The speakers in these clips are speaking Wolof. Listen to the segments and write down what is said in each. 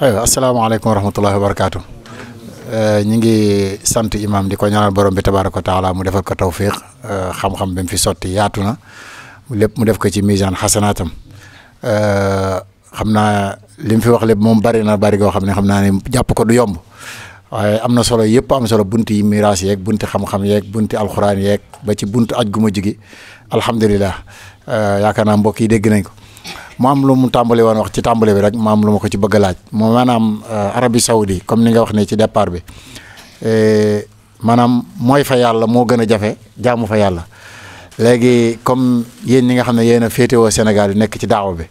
aywa asalaamaaleykum wa rahmatullahi wa barakaatu euh, ñi ngi sant imam di ko ñaanal borom bi tabaaraka taala mu defal ko tawfiq euh, xam-xam bi fi sotti yaatu na lépp mu def ko ci misaan xasanaatam euh, xam naa li mu fi wax lépp moom bari na bari goo xam ne xam naa ne jàpp ko du yomb waaye am na solo yëpp am solo bunt yi miraas yeeg bunti xam-xam yeeg bunti alxuraan yeeg ba ci bunt aj gu ma jigi alhamdulilah yaakaar naa mbokk yi dégg nañ ko. mu am lu mu tàmbali woon wax ci tàmbali bi rek mu am lu ma ko ci bëgg a laaj moo maanaam euh, Arabie Saoudi comme ni nga wax ne ci départ bi euh, maanaam mooy fa yàlla moo gën a jafe jaamu fa yàlla léegi comme yéen ñi nga xam ne yéen a féetewoo Sénégal yi nekk ci daaw bi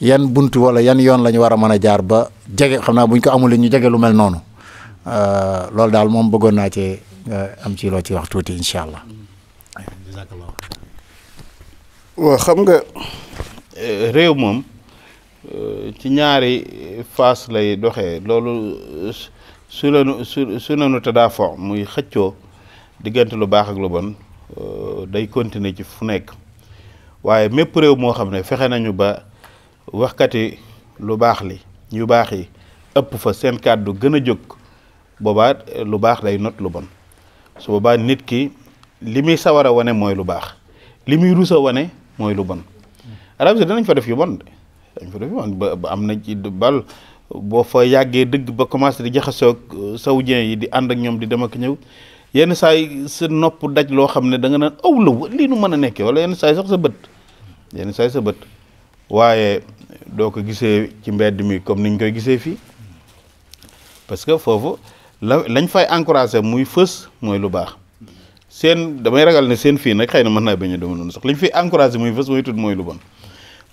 yan bunt wala yan yoon la ñu war a mën a jaar ba jege xam naa buñ ko amul ñu jege lu mel noonu euh, loolu daal moom bëggoon naa cee am ci loo ci wax tuuti incha allah. waaw xam nga. réew moom euh, ci ñaari fas lay doxe loolu su lanu su su nanu tadaafoo muy xëccoo diggante lu baax ak lu bon euh, day continuer ci fu nekk waaye mépp réew moo xam ne fexe nañu ba waxkati lu baax li ñu baax yi ëpp fa seen kàddu gën a jóg boobaat lu baax day not lu bon su boobaa nit ki li muy sawar a wane mooy lu baax li muy rus a wane mooy lu bon arab Saoudite dañ fa def yu bon dañ fa def yu bon ba am na ci bal bo fa yagge deug ba commencer di jaxaso ak uh, saoudien yi di and ak ñom di dem ak ñew yenn say sa nopp daj loo xamne da nga na aw la nu meuna nekk wala yenn say sax sa beut yenn say sa beut waaye do ko gisee ci mbedd mi comme niñ koy gisee fi parce que fofu la lañ fay encourager muy feus moy lu bax sen damay ragal ne fi nak xeyna man na bañu do bañ sax liñ fi encourager muy feus moy tudd moy lu bon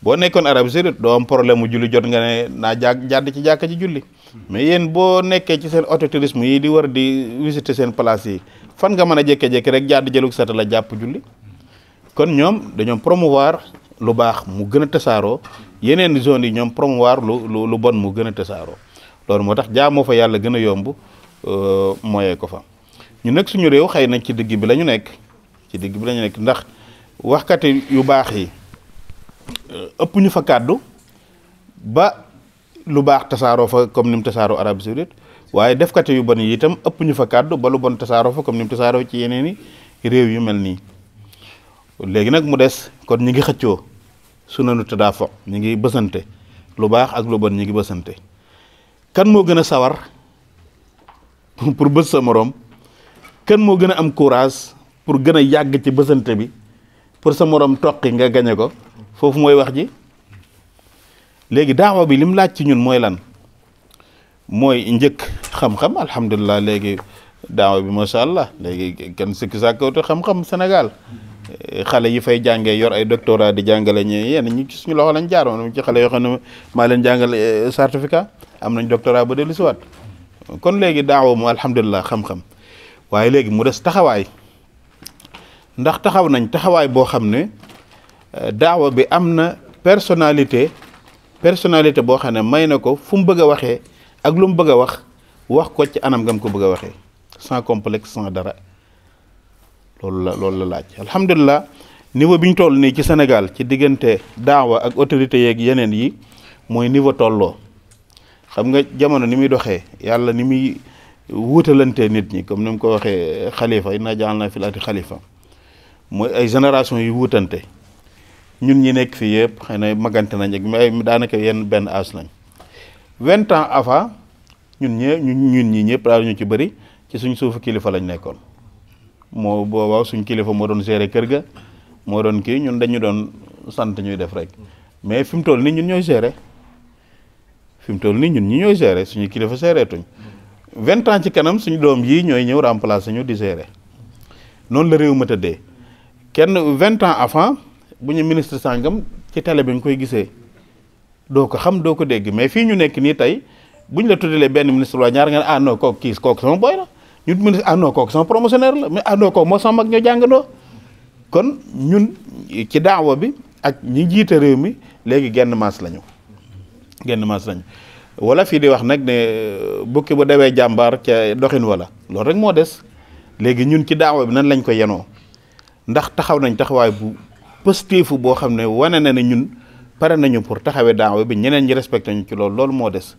bo nekkon arab saudite do am problème mu julli jot nga ne na jak jàdd ci jak ci julli mais yeen bo nekké ci sen auto tourisme yi di war di visiter sen place yi fan nga mën a jékke rek jàdd jëluk sata la japp julli kon ñom dañu promouvoir lu bax mu gëna tassaro tasaaroo yeneen zone yi ñom promouvoir lu lu bon mu gëna tassaro lor motax moo fa yalla gëna yomb euh moye ko fa ñu nekk suñu rew xëy ci digg bi lañu ci digg bi lañu ndax waxkati yu bax yi Eh, ëppuñu fa kàddu ba lu baax tasaaroo fa comme nim mu tasaaroo Arabie Saoudite waaye defkate yu bon yi itam ëppuñu fa kàddu ba lu bon tasaaroo fa comme ni mu ci yeneen i réew yu mel nii léegi nag mu des kon ñi ngi xëccoo sunanu tadaafo ñi ngi bësante lu baax ak lu bon ñi ngi bësante kan moo gën sawar pour bës sa morom kan moo gën a am courage pour gën a yàgg ci bësante bi pour sa morom toqi nga gañe ko foofu mooy wax ji léegi daawa bi lim laaj ci ñun mooy lan mooy njëkk xam-xam alhamdulilah léegi daawa bi macha allah léegi kenn sikki sàkkawte xam-xam Sénégal xale yi fay jàngee yor ay doctorat di jàngale ñu yéen ñi ci suñu loxo lañ jaaroon ci xale yoo xam ne maa leen jàngal eh, certificat am nañ doctorat ba dellu kon léegi daawa mu alhamdulilah xam-xam waaye léegi mu des taxawaay ndax taxaw nañ taxawaay boo xam ne Euh, daawa bi am na personnalité personnalité boo xam ne may na ko fu mu bëgg a waxee ak lu mu bëgg a wax wax ko ci anam gam ko bëgg a waxee sans complexe sans dara loolu la loolu la laaj alhamdulilah niveau bi ñu toll nii ci Sénégal ci diggante daawa ak autorité yeeg yeneen yi mooy niveau tolloo xam nga jamono ni muy doxee yàlla ni muy wuutalante nit ñi comme ni mu ko waxee xalifa inna jaal na filaati xalifa mooy ay génération yu wuutante ñun ñi nekk fii yëpp xëy na magante nañ ak ay daanaka yenn benn âge lañ vingt ans avant ñun ñee ñun ñii ñëpp daal ñu ci bëri ci suñ suufu kilifa lañ nekkoon moo boobaa suñ kilifa moo doon gérer kër ga moo doon ki ñun dañu doon sant ñuy def rek mais fi mu toll nii ñun ñooy gérer fi mu toll nii ñun ñi ñooy gérer suñu kilifa tuñ vingt ans ci kanam suñu doom yii ñooy ñëw remplacer suñu di gérer noonu la réew ma tëddee kenn vingt ans avant. buñu Minister ministre sangam ci télé bi nga koy gisee do ko xam do ko dégg mais fi ñu nekk ni tay buñ la tuddalee ben ministre wa ñaar nga ah non kok ki kok, sama boy la ñu ministre ah non kok sama promotionnaire la mais ah non kok mo sama mag jang do kon ñun ci daawa bi ak ñi jité réew mi légui genn maas lañu genn maas lañu wala fi di wax nak né euh, bukki bu déwé jambar ci doxine wala lool rek mo des légui ñun ci daawa bi nan lañ ko yenoo ndax taxaw nañ taxaway bu pësteefu boo xam ne wane na ne ñun pare nañu pour taxawee daawa bi ñeneen ñi respecté ñu ci loolu loolu moo des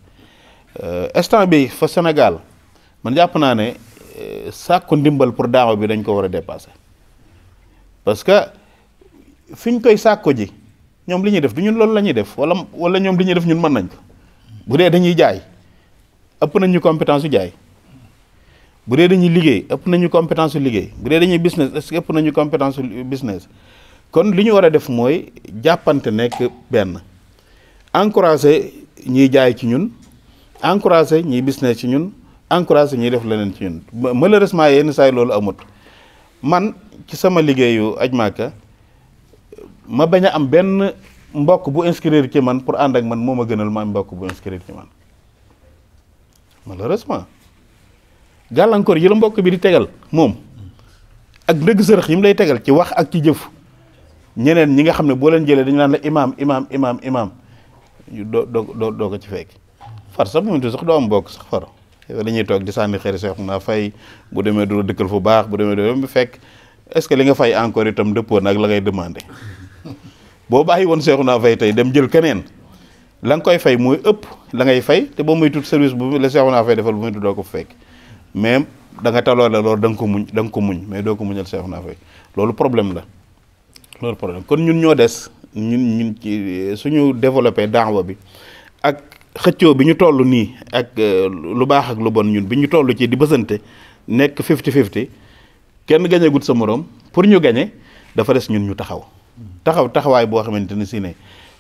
euh, instant bi fa Sénégal man jàpp naa ne euh, sàkku ndimbal pour daawa bi dañ ko war a dépassé parce que fi ñu koy sàkko ji ñoom li ñuy def du ñun loolu la ñuy def wala wala ñoom li ñuy def ñun mën nañ ko bu dee dañuy jaay ëpp nañ ñu compétence su jaay bu dee dañuy liggéey ëpp nañu compétence su liggéey bu dee dañuy business est-ce que ëpp nañu compétence su business kon li ñu war a def mooy jàppante nekk benn encouragé ñiy jaay ci ñun encouragé ñiy business ci ñun encouragé ñiy def leneen ci ñun malheureusement yenn saay loolu amut man ci sama liggéeyu aj màkka ma bañ a am benn mbokk bu inscrire ci man pour ànd ak man moom a gënal ma am mbokk bu inscrire ci man malheureusement gàllankoor yi la mbokk bi di tegal moom ak ndëgg sërëx yi mu lay tegal ci wax ak ci jëf ñeneen ñi nga xam ne boo leen jëlee dañu naan la imaam imaam imaam imaam doo doo doo ko ci fekk far sax mu sax doo am bokk sax far dañuy toog di sànni xëri seex naa fay bu demee du la dëkkal fu baax bu demee du fekk est-ce que li nga fay encore itam dëppoon ak la ngay demandé boo bàyyi woon seexu naa fay tey dem jël keneen la nga koy fay mooy ëpp la ngay fay te boo muy tut service bu la seexu naa fay defal bu muy tut doo ko fekk mais da nga taloo la loolu da ko muñ da ko muñ mais doo ko muñal seexu naa fay loolu problème la loolu problème kon ñun ñoo des ñun ñun ci suñu développé daawa bi ak xëccoo bi ñu toll nii ak euh, lu baax ak lu bon ñun bi ñu toll ci di bësante nekk fifty fifty kenn gañegut sa morom pour ñu gañe dafa des ñun ñu taxaw taxaw taxawaay boo xamante ni si ne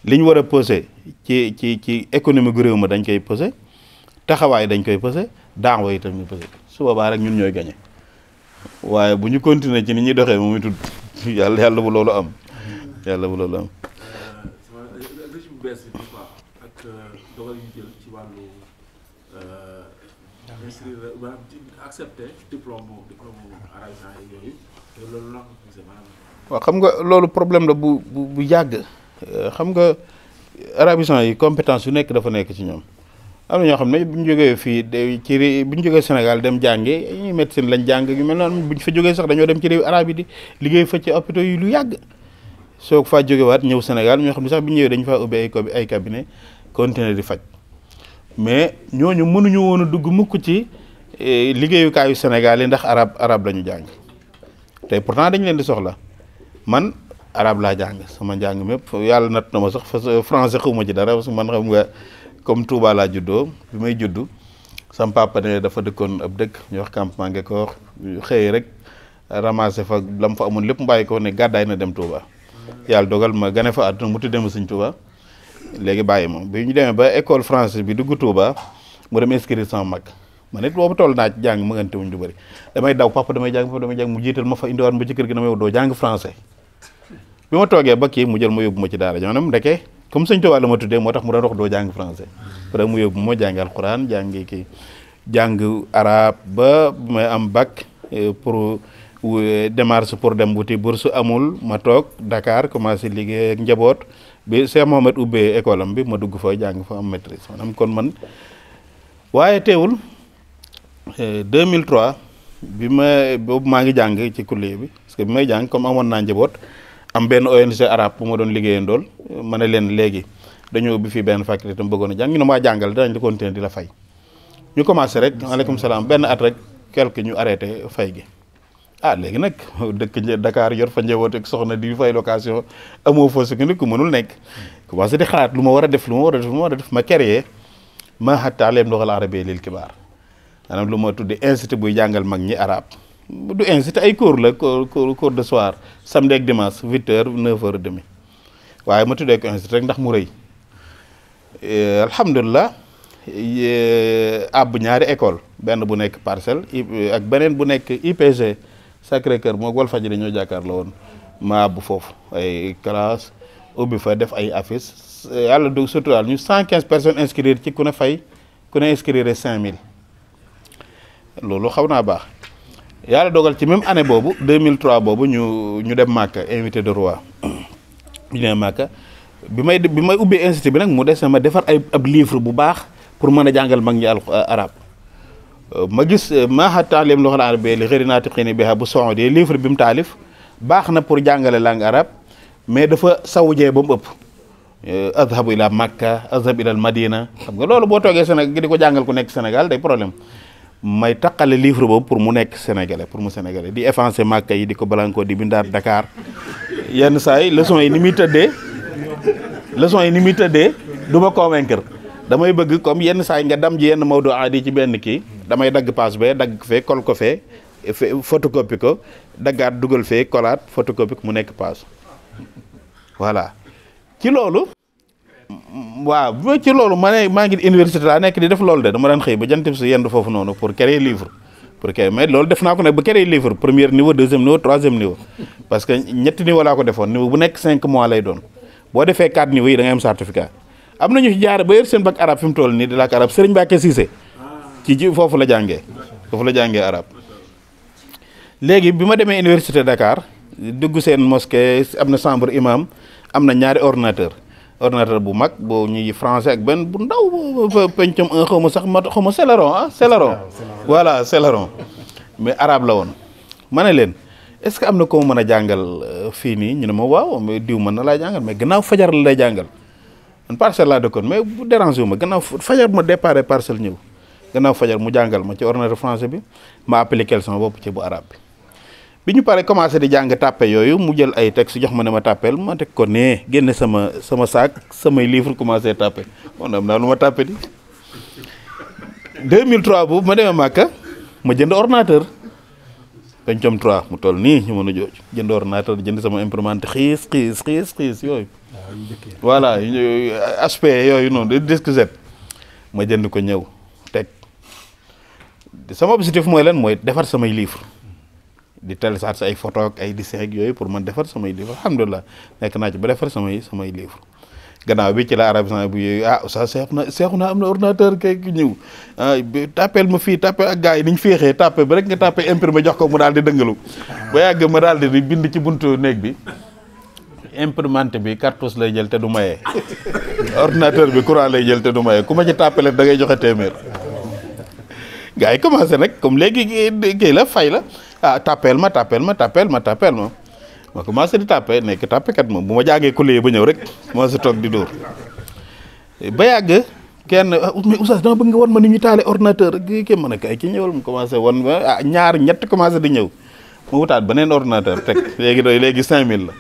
li ñu war a posé ci ci ci économie gu ma dañ koy posé taxawaay dañ koy posé daawa yi tam ñu posé su boobaa rek ñun ñooy gañe waaye bu ñu continuer ci ni ñuy doxee moom itud yàlla yàlla bu loolu am yàlla bu loolu am. régime bu bees ci wàllu inscrire maanaam accepter diplôme xam nga loolu problème la bu bu bu yàgg euh, xam nga arabisant yi compétence yu nekk dafa nekk ci ñoom. am na ñoo xam ne bu ñu jógee fii ci bu ñu jógee Sénégal dem jàngi ñuy médecine lañ jàng yu mel noonu bu ñu fa sax dañoo dem ci réew arab yi di liggéey fa ci hôpitaux yi lu yàgg soo faa jógewaat ñëw Sénégal ñoo xam ne sax bi ñëwee dañu faa ubbi ay ay cabinet continuer di faj mais ñooñu mënuñu woon a dugg mukk ci e, liggéeyukaayu Sénégal yi ndax arab arab lañu jàng tey pourtant dañ leen di soxla man arab laa jàng sama njàng mépp yàlla natt na ma sax français ma ci dara parce que man xam nga comme Touba laa juddoo bi may juddu sam papa ne dafa dëkkoon ab dëkk ñu wax campement ko xëy rek ramassé fa la mu fa amoon lépp mbàyyi ko ne gàddaay na dem Touba. yàlla dogal ma gane fa àdduna mu tuddee ma suñ Touba léegi bàyyi ma bi ñu demee ba école française bi dugg Touba mu dem inscrire mag ma nit boobu toll naa ci jàng ma ngante du bëri damay daw papa damay jàng papa damay mu jiital ma fa indiwaat ma ci kër gi damay doo jàng français bi ma toogee ba kii mu jël ma yóbbu ma ci daal daara mu ndeke comme sëñ Tuubaa la ma tuddee moo tax mu doon wax doo jàng français pare mu yóbbu moo jàngi alxuraan jàngi kii jàng arab ba may am bac euh, pour euh, démarche pour dem wuti bourse amul ma toog Dakar commencé liggéey ak njaboot bi Cheikh Mohamed ubbee école am bi ma dugg fa jàng fa am maîtrise am kon man waaye teewul 2003 euh, bi ma boobu maa ngi jàng ci kullier bi parce que bi may jàng comme amoon naa njaboot am benn ONG arabe bu ma doon liggéeyandool ma ne leen léegi dañoo ubbi fii benn faculté tam bëggoon a jàng ñu ne jàngal danañ di continuer di la fay ñu commencé rek aleykum salaam benn at rek quelque ñu arrêté fay gi ah léegi nag dëkk Dakar yor fa njaboot ak soxna di fay location amoo fa sukkandiku mënul nekk commencé di xalaat lu ma war a def lu ma war a def ma war a ma créé ma hatta aleem loxal arabe kibaar maanaam lu ma tudde incité buy jàngal mag ñi arabe C'était un cours, le cours, cours de soir. Samedi et dimanche, 8h, 9h30. Mais je suis allé à l'université, parce eh, que je suis Alhamdoulilah, il eh, y a deux écoles. Une qui parcelle, et une qui est IPG. Sacré-Cœur, c'est Gwal Fadjiri Ndiakar. Je suis allé à la classe, au buffet, il y a des affiches. Il y a 115 personnes inscrites, qui ont inscrit 5 000. C'est ce que je sais. yàlla dogal ci même année boobu 2003 boobu ñu ñu dem Màkka invité de roi ñu bi may bi may ubbee institut bi nag mu des na ma defar ay ab livre bu baax pour mën a jàngal mag ñi al euh, arab euh, ma gis euh, maaxa taalim loxal arab li xëri naatiqiini biha bu soxna livre bi mu taalif baax na pour jàngale langue arabe mais dafa sawujee ba mu ëpp azhabu a makka azhab ila al madina xam nga loolu boo toogee Sénégal gi di ko jàngal ku nekk Sénégal day problème may takale livre boobu pour mu nek sénégalais pour mu sénégalais di effacer makay yi di ko di bindar dakar yenn say leçon yi ni mi teudé leçon yi ni mi teudé duma convaincre damay bëgg comme yenn say nga dam ji yenn mawdu adi ci benn ki damay dag passe be dag kol ko fe photocopie ko daggaat dugal fe kolat photocopie mu nek passe voilà ci lolu waaw bu ci loolu ma ne maa ngi université laa nekk di def loolu de dama daan xëy ba jantib si yendu foofu noonu pour créer livre pour créer mais def naa ko ba créer livre premier niveau deuxième niveau troisième niveau parce que ñetti niveau laa ko defoon niveau bu nekk cinq mois lay doon boo defee quatre niveau yi da am certificat am na ñu jaare ba yor seen bac arab fi mu toll nii di làkk arab Serigne Mbacké Cissé ci ji foofu la jàngee foofu la jàngee arab léegi bi ma demee université Dakar dugg seen mosquée am na chambre imam am na ñaari ordinateur ordinateur bu mag boo ñuy français ak benn bu ndaw pencum un xaw ma sax mat xaw ma Celeron ah Celeron voilà Celeron mais arabe la woon ma ne leen est ce que am na ko mën a jàngal euh, fii nii ñu ne ma waaw diw mën na laa jàngal mais gannaaw fajar la lay jàngal man parcelle laa dëkkoon mais bu dérangé wu ma gannaaw fajar ma déparé parcelle ñëw gannaaw fajar mu jàngal ma ci ordinateur français bi ma appliqué sama bopp ci bu arabe bi biñu paré commencé di jang tapé yoyu mu jël ay texte jox ma ne ma tapel ma tek ko né génne sama sama sac sama livre commencé tapé on oh, am naa lu ma tàppe di 2003 bu ma demee makka ma jënd ordinateur pencom 3 mu toll ni ñu mëna a jënd ordinateur jënd sama imprimante xiis xiis xiis xiis yooyu voilà HP non de disque Z ma jënd ko ñew tek sama objectif moy lan moy défar sama livre di télécharge sa ay photo ak ay dessin ak yoy pour man defar sama livre alhamdullah nek na ci ba defar sama sama livre gannaaw bi ci la arab sama bu yoy ah sa seexu na seexu naa am na ordinateur kay ku ñëw ah, tapel ma fi tapel ak gaay niñ fexé tapel ba rek nga tapel imprimé jox ko mu dal di dëngalu ba yag ma dal di bind ci buntu néeg bi imprimante bi cartouche lay jël te du maye ordinateur bi courant lay jël te du maye kuma ci tapel da ngay joxé téeméer gaay commencé nak comme légui ki la fay la ah tapel ma tapel ma tapel ma tapel ma ma ko ma se di tapé nekk tapékat ma bu ma jàngee kulé bu ñew rek mo se tok di dóor ba yag kenn ah, oustaz dama bëgg won ma ni ñu talé ordinateur gi kii mëna kay ci ñewul mu commencé won ma ah ñaar ñett commencé di ñew ma wutaat benen ordinateur tek légui doy légui 5000 la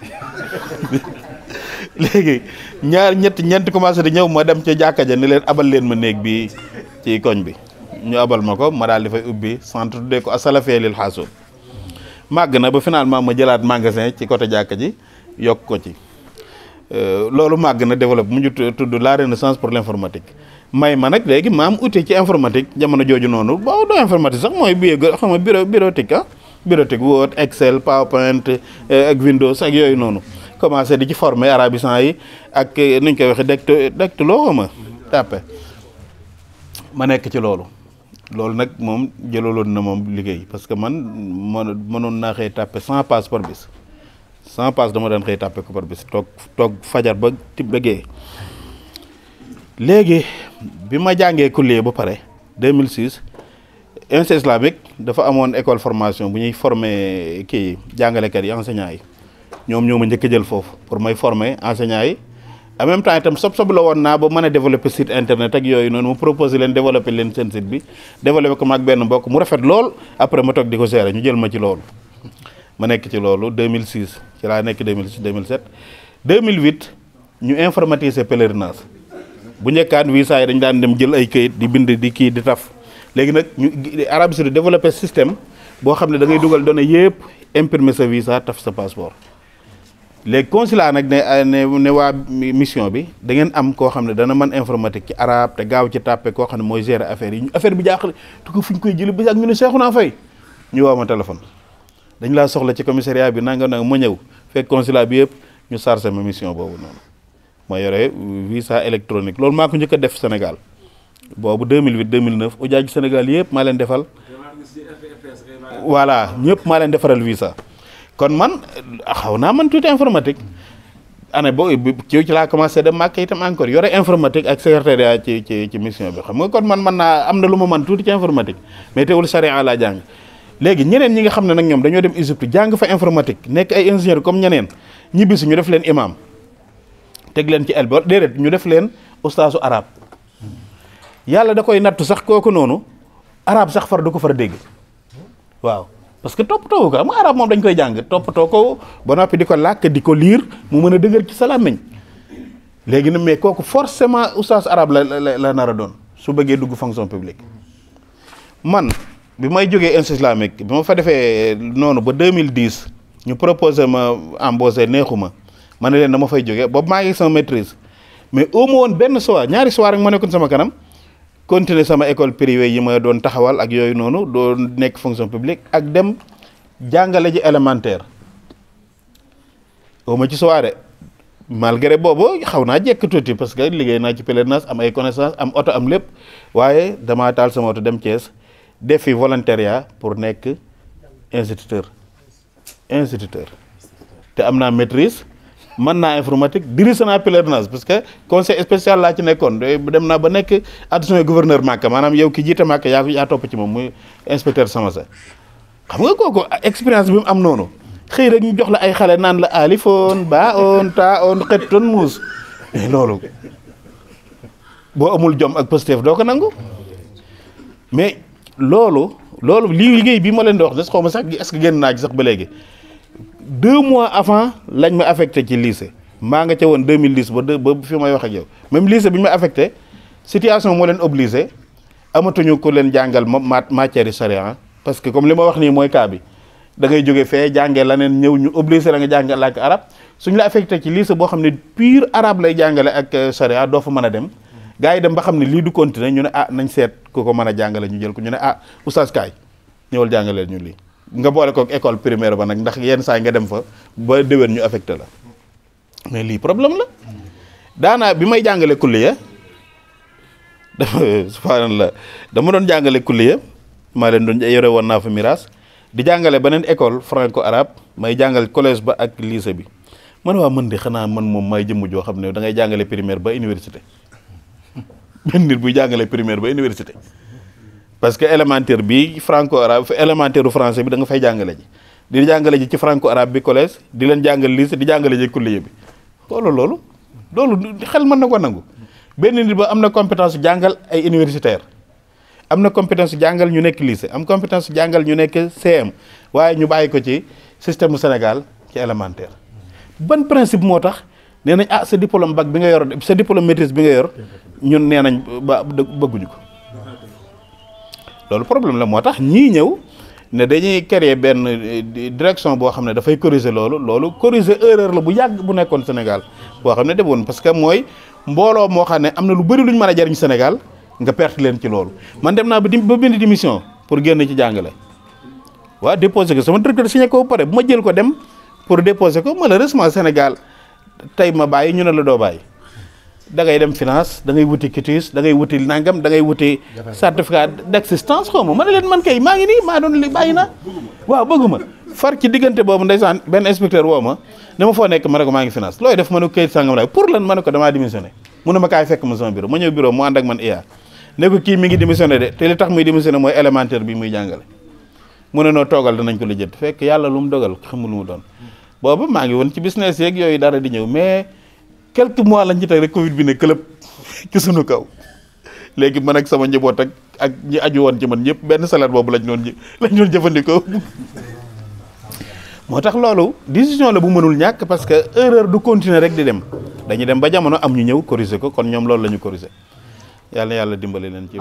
légui ñaar ñett ñent commencé di ñew mo dem ci jaaka ja ni leen abal leen ma néeg bi ci koñ bi ñu abal mako ma dal di fay ubbi centre de ko asalafee lil hasub màgg na ba finalement ma jëlat magasin ci côté jakk ji yok ko ci euh, loolu màgg na develop mu ñu tuddu la renaissance pour l'informatique may ma nag léegi maam outil ci informatique jamono joju nonu ba do informatique sax moy xam bureau bureautique ah. bureautique Word Excel PowerPoint euh, ak Windows ak yoy nonu. commencé di ci former arabisan yi ak euh, nuñ koy waxe dekt dekt lo xama tapé ma nek ci lol nak mom jëlaloon na moom liggéey parce que man man na naa xëy sans passeport par bis sans passe dama dañ xëy tàppe ko par bis tok tok fajar ba ti bëggee légui bima jàngé jàngee kullier ba pare 2006 institut islamique dafa amone école formation bu ñuy former jàngalé jàngalekat yi enseignants yi ñoom ñoo ma jël fofu pour may former enseignants yi. en même temps itam sob sob la woon naa ba mën a développer site internet ak yooyu noonu mu proposé leen développer leen seen site bi développer ko ak benn mbokk mu rafet lool après ma toog di ko gérer ñu jël ma ci loolu ma nekk ci loolu 2006 ci laa nekk 2006 mil 2008 ñu informatiser pèlerinage bu njëkkaan visa yi dañ daan dem jël ay kayit di bind di kii di taf léegi nag ñu Arabie Saoudite développer système boo xam ne da ngay dugal données yëpp imprimer sa visa taf sa léegi consulat nag euh, ne ne waa mission bi dangeen am koo xam ne dana man informatique ci arabe te gaaw ci tàppe koo xam ne mooy gérer affaire yi affaire bi jaaxle tu ko fu ñu koy jëli ba ak ñu ne seexu naa fay ñu woo ma téléphone dañ laa soxla ci commissariat bi nanga nag moo ñëw fekk consulat bi yëpp ñu chargé ma mission boobu noonu ma yore visa électronique loolu maa ko njëkk a def Sénégal boobu 2008 2009 ujaaj Sénégal yëpp maa leen defal voilà ñëpp maa leen defaral visa kon man xaw naa man tuuti informatique année boo ci ci laa commencé dem màkk itam encore yore informatique ak secrétariat ci ci ci mission bi xam nga kon man man naa am na lu ma man tuuti ci informatique mais teewul charia laa jàng léegi ñeneen ñi nga xam ne nag ñoom dañoo dem Égypte jàng fa informatique nekk ay ingénieur comme ñeneen ñibbi si ñu def leen imam teg leen ci elbor déedéet ñu def leen ustaasu arab yàlla da koy nattu sax kooku noonu arab sax far du ko far dégg waaw parce que toppatoo ko am arab moom dañ koy jàng toppatoo ko ba noppi di ko làkk di ko liir mu mën a dëgër ci sa làmmiñ léegi nag mais kooku forcément oustaz arab la la la nar a doon su bëggee dugg fonction publique man bi may jógee institut islamique bi ma fa defee noonu ba 2010 ñu proposer ma embauché neexuma ma ne leen dama fay jóge boobu maa ngi sama maîtrise mais au moins woon benn soir ñaari soir rek ma nekkuñ sama kanam. continuer sama école privée yi ma doon taxawal ak yoy noonu do nek fonction publique ak dem jàngale ji élémentaire ma ci soirée malgré bobo xawna naa jekk parce que ligé na ci pèlerinage am ay connaissance am auto am lepp waaye dama tal sama oto dem ties défi fi volontariat pour nek instituteur instituteur té am naa maîtrise mën naa informatique dirigé naa pèlerinage parce que conseil spécial laa ci nekkoon eh, dem naa ba nekk adjoint gouverneur Màkka maanaam yow ki jiite Màkka yaa yaa topp ci moom muy inspecteur sa xam nga kooku expérience bi mu am noonu xëy rek ñu jox la ay xale naan la alifoon ba on ta on xettoon muus mais eh, loolu boo amul jom ak Pastef doo ko nangu mais loolu loolu lii liggéey bi ma leen di wax des xaw ma sax est-ce génn naa ci sax ba léegi deux mois avant lañ ma affecté ci lycée maa nga ca woon 2010 ba ba fi may wax ak yow même lycée bi ma affecté situation moo leen obligé amatuñu ku leen jàngal ma matière yi charia hein. parce que comme li ma wax nii mooy cas bi da ngay jóge fee jàngee laneen ñëw ñu obligé la nga jàngal làkk arab suñ la affecté ci lycée boo xam ne pur arabe lay jàngale ak charia euh, doo fa mën a dem gars yi dem ba xam ne lii du continuer ñu ne ah nañ seet ku ko mën a jàngale ñu jël ko ñu ne ah oustaz kaay ñëwal jàngaleel ñu lii nga boole kook école primaire ba nag ndax yenn saa nga dem fa ba déwén ñu affecté la mais lii problème la daana bi may jàngale kulliya dafa subhanallah dama doon jàngale kulliya ma leen doon yore woon naa fa mirage di jàngale beneen école franco arabe may jàngal collège ba ak lycée bi man waa man di xanaa man moom may jëmm joo xam ne da ngay jàngale primaire ba université benn nit buy jàngale primaire ba université parce que élémentaire bi franco arabe élémentaire français bi da nga fay jàngale ji di jàngale ji ci franco arabe bi collège di len jàngal lycée di jàngale ji kulli bi xoolal loolu loolu xel man nako ko nangu benn nit ba amna compétence jangal ay universitaire amna compétence jangal ñu nek lycée am compétence jangal ñu nek CM waye ñu bayiko ci système Sénégal ci élémentaire ban principe motax nenañ ah sa diplôme bac bi nga yor sa diplôme maîtrise bi nga yor ñun nenañ ba bëgguñu ko loolu problème la moo tax ñii ñëw ne dañuy créer benn euh, direction boo xam ne dafay corriger loolu loolu corriger erreur la bu yàgg bu nekkoon Sénégal boo xam ne demoon parce que mooy mbooloo moo xam ne am na lu bari lu ñu man a jariñ Sénégal nga perte leen ci loolu man dem naa ba ba bind démission pour génn ci jàngale waa déposé ko sama directeur signé ko ba pare bu ma jël ko dem pour déposé ko malheureusement Sénégal tey ma bàyyi ñu ne la doo bàyyi da ngay dem finance da ngay wuti kitis da ngay wuti nangam da ngay wuti certificat d'existence existence xaw ma leen man kay ma ngi ni ma don li bayina naa waaw bëgguma far ci diggante bobu ndaysan ben inspecteur woo ma ne ma foo nekk ma ne ko maa ngi finance loy def ma ko kayit sangam pour lan ma ko dama démissioner mu ne ma kay fekk ma son bureau ma ñew bureau mu and ak man IA ne ko ki mi ngi démissioner de te li tax muy démissioner moy élémentaire bi muy jàngale mu ne togal toogal danañ ko la jënd fekk yalla lu mu dogal xamul mu don bobu ma ngi won ci business yeeg yoy dara di ñew mais quelque mois lañ ci teg rek Covid bi ne këlëb ci suñu kaw léegi man ak sama njaboot ak ak ñi aju woon ci man ñëpp benn salaire boobu lañ doon lañ doon jëfandikoo moo tax loolu décision la bu mënul ñàkk parce que erreur du continuer rek di dem dañuy dem ba jamono am ñu ñëw corriger ko kon ñoom loolu la ñu corriger yàlla yàlla dimbali leen ci.